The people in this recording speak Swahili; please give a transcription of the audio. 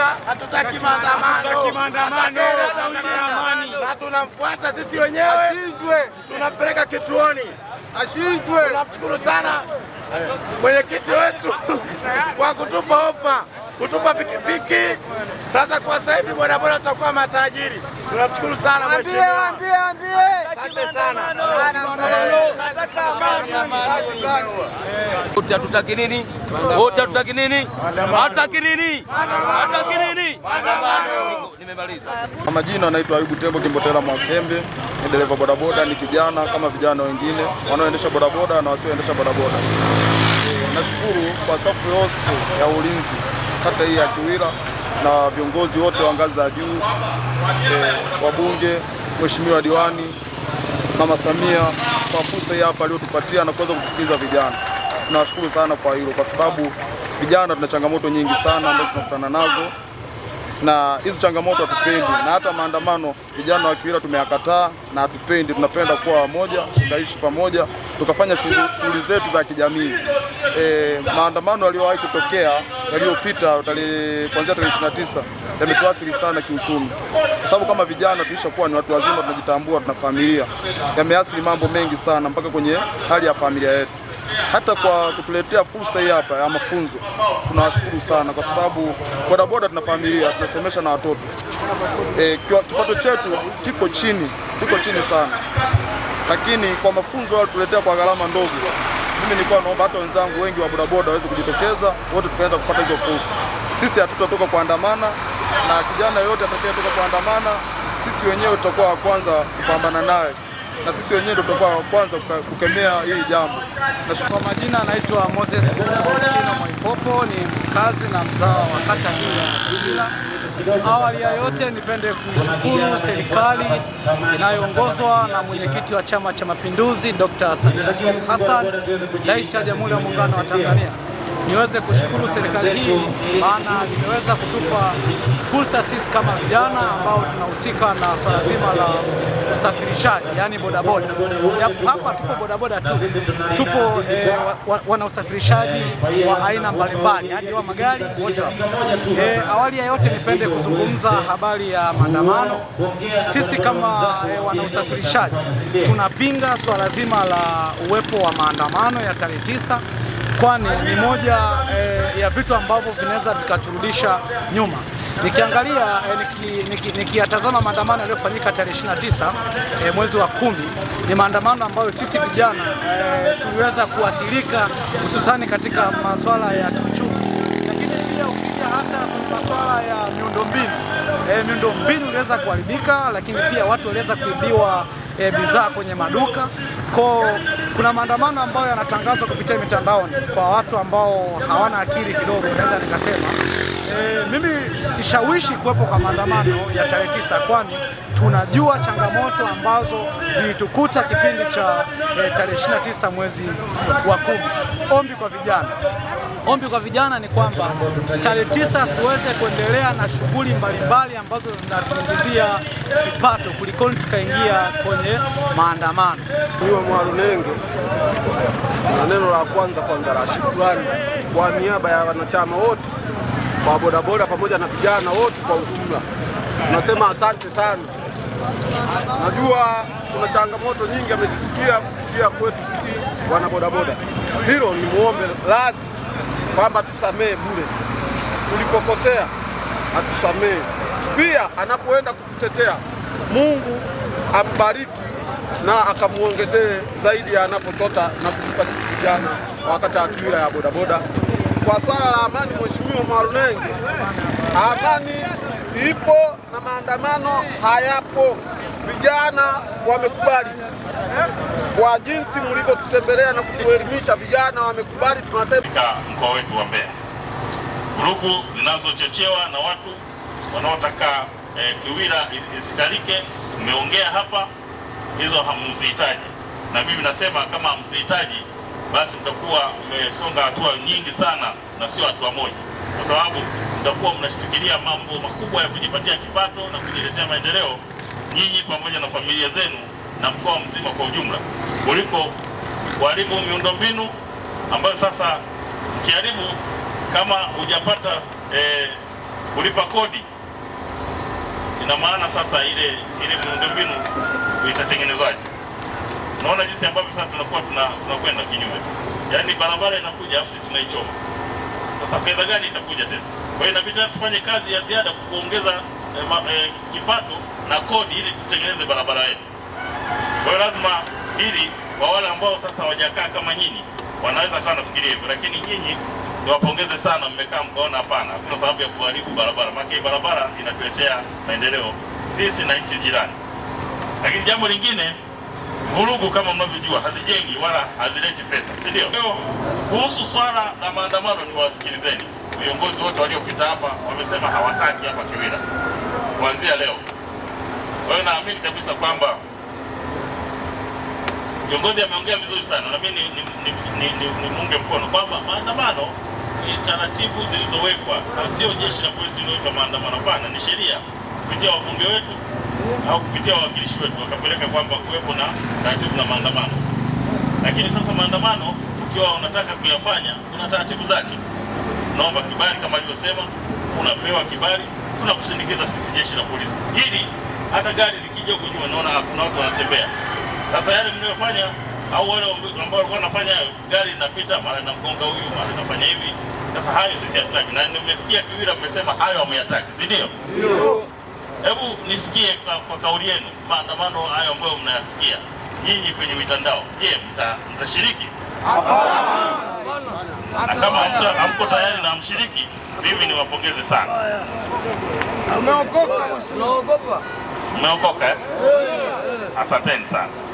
Mandela hatutaki maandamano na tunamfuata sisi wenyewe, tunampeleka kituoni ashindwe. Tunamshukuru sana mwenyekiti wetu kwa kutupa ofa, kutupa pikipiki. Sasa kwa sasa hivi bodaboda tutakuwa matajiri. Tunamshukuru sana mheshimiwa. Wote hatutaki nini? Wote hatutaki nini? nini? nini? Nimemaliza. Kwa majina anaitwa Ayubu Tembo Kimbotela Mwakembe, ni dereva bodaboda, ni kijana kama vijana wengine wanaoendesha bodaboda na wasioendesha bodaboda. Nashukuru kwa safu yote ya ulinzi kata hii ya Kiwira na viongozi wote wa ngazi za juu, eh, wabunge, mheshimiwa diwani Mama Samia kwa fursa hii hapa aliyotupatia na kuweza kutusikiliza vijana. Tunawashukuru sana kwa hilo, kwa sababu vijana tuna changamoto nyingi sana ambazo tunakutana nazo, na hizo changamoto hatupendi, na hata maandamano vijana wa Kiwira tumeyakataa na hatupendi. Tunapenda kuwa wamoja, tukaishi pamoja tukafanya shughuli zetu za kijamii. E, maandamano yaliyowahi kutokea yaliyopita kuanzia tarehe 29 yametuathiri sana kiuchumi, kwa sababu kama vijana tulishakuwa ni watu wazima, tunajitambua, tuna familia. Yameathiri mambo mengi sana mpaka kwenye hali ya familia yetu hata kwa kutuletea fursa hii hapa ya mafunzo tunawashukuru sana, kwa sababu bodaboda tuna familia, tunasomesha na watoto e, kipato chetu kiko chini, kiko chini sana lakini kwa mafunzo tuletea kwa gharama ndogo, mimi nilikuwa naomba hata wenzangu wengi wa bodaboda waweze kujitokeza wote, tukaenda kupata hizo fursa. Sisi hatutatoka kuandamana, na kijana yoyote atakayetoka kuandamana, sisi wenyewe tutakuwa wa kwanza kupambana naye na sisi wenyewe ndio tutakuwa wa kwanza kukemea hili jambo. Kwa majina anaitwa Moses Faustino Mwaipopo, ni mkazi na mzao wa kata hii ya Ibilila. Awali ya yote nipende kuishukuru serikali inayoongozwa na mwenyekiti wa Chama cha Mapinduzi Dr. Samia Suluhu Hassan, Rais wa Jamhuri ya Muungano wa Tanzania. Niweze kushukuru serikali hii maana imeweza kutupa fursa sisi kama vijana ambao tunahusika na swala zima la usafirishaji, yani bodaboda. Hapa tupo bodaboda tu, tupo eh, wana usafirishaji wa aina mbalimbali, hadi wa magari wote. Eh, awali ya yote nipende kuzungumza habari ya maandamano. Sisi kama eh, wana usafirishaji tunapinga swala zima la uwepo wa maandamano ya tarehe tisa kwani ni moja eh, ya vitu ambavyo vinaweza vikaturudisha nyuma. Nikiangalia eh, nikiyatazama niki, maandamano yaliyofanyika tarehe 29 eh, mwezi wa kumi, ni maandamano ambayo sisi vijana eh, tuliweza kuathirika hususani katika masuala ya kiuchumi, lakini pia ukija hata masuala ya miundombinu eh, miundombinu iliweza kuharibika, lakini pia watu waliweza kuibiwa eh, bidhaa kwenye maduka ko kuna maandamano ambayo yanatangazwa kupitia mitandaoni kwa watu ambao hawana akili kidogo, naweza nikasema E, mimi sishawishi kuwepo kwa maandamano ya tarehe tisa kwani tunajua changamoto ambazo zilitukuta kipindi cha e, tarehe 29 mwezi wa kumi. Ombi kwa vijana, ombi kwa vijana ni kwamba tarehe tisa tuweze kuendelea na shughuli mbalimbali ambazo zinatuingizia kipato kulikoni tukaingia kwenye maandamano. Iwe mwarunenge na neno la kwanza kwanza la shukrani kwa niaba ya wanachama wote kwa bodaboda pamoja na vijana wote kwa ujumla. Tunasema asante sana. Najua kuna changamoto nyingi amezisikia kupitia kwetu sisi wana bodaboda Hilo ni muombe lazi kwamba tusamee bure, tulipokosea atusamee pia. Anapoenda kututetea, Mungu ambariki na akamuongezee zaidi ya anapotota na kutupa sisi vijana wakati akiwira ya bodaboda kwa swala la amani, Mheshimiwa Mwarunenge, amani ipo na maandamano hayapo. Vijana wamekubali kwa jinsi mlivyotutembelea na kutuelimisha, vijana wamekubali. Tunasema mkoa wetu wa Mbeya, vurugu zinazochochewa na watu wanaotaka eh, Kiwira isikalike, mmeongea hapa, hizo hamzihitaji, na mimi nasema kama hamzihitaji basi mtakuwa mmesonga hatua nyingi sana na sio hatua moja, kwa sababu mtakuwa mnashikilia mambo makubwa ya kujipatia kipato na kujiletea maendeleo nyinyi pamoja na familia zenu na mkoa mzima kwa ujumla, kuliko kuharibu miundombinu ambayo sasa mkiharibu, kama hujapata eh, kulipa kodi, ina maana sasa ile ile miundombinu itatengenezwaje? Unaona jinsi ambavyo sasa tunakuwa tunakwenda kinyume, yaani barabara inakuja afsi tunaichoma. Sasa fedha gani itakuja tena? Kwa hiyo inabidi tufanye kazi ya ziada kuongeza eh, eh, kipato na kodi ili tutengeneze barabara yetu. Kwa hiyo lazima hili kwa wale ambao sasa wajakaa kama nyinyi, wanaweza kawa nafikiria hivyo, lakini nyinyi niwapongeze sana, mmekaa mkaona hapana, hakuna sababu ya kuharibu barabara, maana hii barabara inatuletea maendeleo sisi na nchi jirani. Lakini jambo lingine vurugu kama mnavyojua hazijengi wala hazileti pesa, si ndio? Leo kuhusu swala la maandamano, niwasikilizeni viongozi wote waliopita hapa wamesema hawataki hapa Kiwira kuanzia leo. Kwa hiyo naamini kabisa kwamba kiongozi ameongea vizuri sana, na mimi nimunge mkono kwamba maandamano ni taratibu zilizowekwa na sio jeshi la polisi lililoweka maandamano. Hapana, ni sheria kupitia wabunge wetu au kupitia wawakilishi wetu wakapeleka kwamba kuwepo na taratibu na maandamano. Lakini sasa maandamano ukiwa unataka kuyafanya kuna taratibu zake, unaomba kibali kama alivyosema, unapewa kibali, tunakusindikiza sisi jeshi la polisi, ili hata gari likija kujua, naona kuna watu wanatembea. Sasa yale mnayofanya au wale ambao walikuwa wanafanya hayo, gari linapita mara inamgonga huyu mara inafanya hivi. Sasa hayo sisi hatutaki, na nimesikia Kiwira mmesema hayo hamyataki, si ndio? Hebu nisikie kwa, kwa kauli yenu, maandamano hayo ambayo mnayasikia nyinyi kwenye mitandao, je, mtashiriki? Na kama hamko tayari na mshiriki, mimi niwapongeze sana. Mmeokoka, mmeokoka, eh? Eh. asanteni sana.